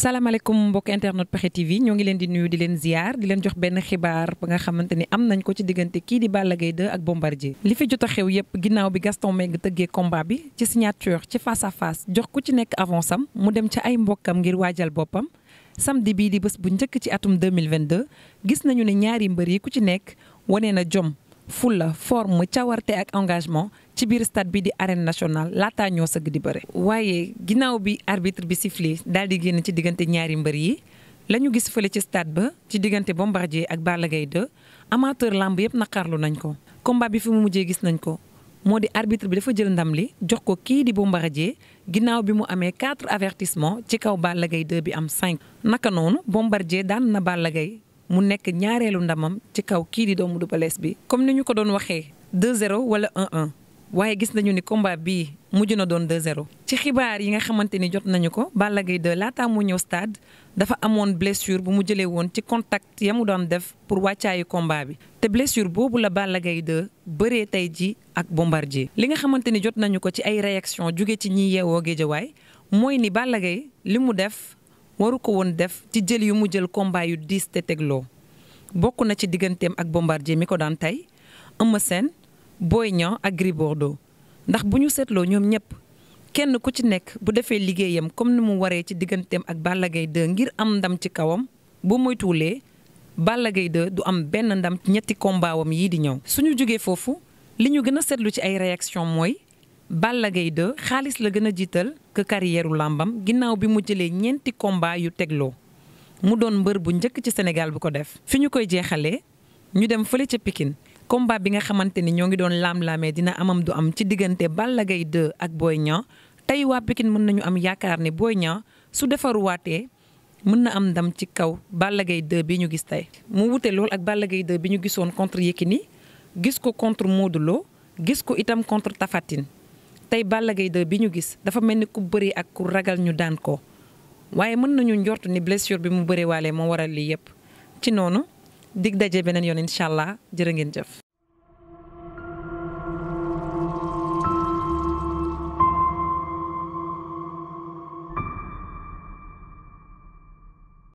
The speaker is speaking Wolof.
salaamaaleykum mbokk internet Pexxe TV ñoo ngi leen di nuyu di leen ziar di leen jox benn xibaar ba nga xamante ni am nañ ko ci diggante kii di Balla Gaye 2 ak Bombardier li fi jot a xew yëpp ginnaaw bi Gaston Mbengue tëggee komba bi ci signature ci face à fas jox ku ci nekk avance am mu dem ca ay mbokkam ngir waajal boppam samedi bii di bës bu njëkk ci atum 2022 gis nañu ni ñaari mbër yi ku ci nekk wane na jom fulla forme cawarte ak engagement ci biir stade bi di arène nationale laataa ñoo sëgg di bëre. waaye ginnaaw bi arbitre bi sifflé daal di génn ci diggante ñaari mbër yi la ñu gis fale ci stade ba ci diggante Bombardier ak Balla Gaye 2 amateur lamb yëpp naqarlu nañ ko. combat bi fi mu mujjee gis nañ ko moo di arbitre bi dafa jël ndam li jox ko kii di Bombardier ginnaaw bi mu amee quatre avertissement ci kaw Balla gay 2 bi am cinq. naka noonu Bombardier daan na Balla Gaye mu nekk ñaareelu ndamam ci kaw kii di doomu Double Less bi comme ni ñu ko doon waxee 2-0 wala 1-1 waaye gis nañu ni combat bii mujj na doon 2-0. ci xibaar yi nga xamante ni jot nañu ko Balla Gaye 2 mu ñëw stade dafa amoon blessure bu mu jëlee woon ci contact ya mu doon def pour wàccaayu combat bi te blessure boobu la Balla Gaye 2 bëree tey ji ak bombardier. li nga xamante ni jot nañu ko ci ay réaction jóge ci ñiy yeewoo Géejawaay mooy ni Balla li mu def. waru ko woon def ci jël yu mu jël combat yu diis te tegloo bokk na ci digganteem ak bombardier mi ko daan tey Eumeu Sène Boy Niang ak Gris Bordeaux ndax bu ñu seetloo ñoom ñëpp kenn ku ci nekk bu defee liggéeyam comme ni mu waree ci digganteem ak Balla Gaye ngir am ndam ci kawam bu moytuwulee Balla Gaye du am benn ndam ñetti kombaawam yii di ñëw. suñu jógee foofu li ñu gën a seetlu ci ay réaction mooy Balla Gaye 2 xaalis la gën a jiital que làmbam ginnaaw bi mu jëlee ñeenti combat yu tegloo mu doon mbër bu njëkk ci Sénégal bi ko def. fi ñu koy jeexalee ñu dem fële ca pikin combat bi nga xamante ni ñoo ngi doon laam-laamee dina amam du am ci diggante Balla Gaye ak booy ñaa tey waa pikin mën nañu am yaakaar ne booy Niang su defaruwaatee mën na am ndam ci kaw Balla Gaye 2 bi ñu gis tey. mu wute lool ak Balla Gaye bi ñu gisoon contre Yékini gis ko contre Modou gis ko itam contre Tapha Tine tey Balla Gaye bi ñu gis dafa mel ni ku bëri ak ku ragal ñu daan ko waaye mën nañu njort ni blessure bi mu bëree moo waral lii yëpp ci noonu dig daje beneen yoon incha allah jërë ngeen jëf.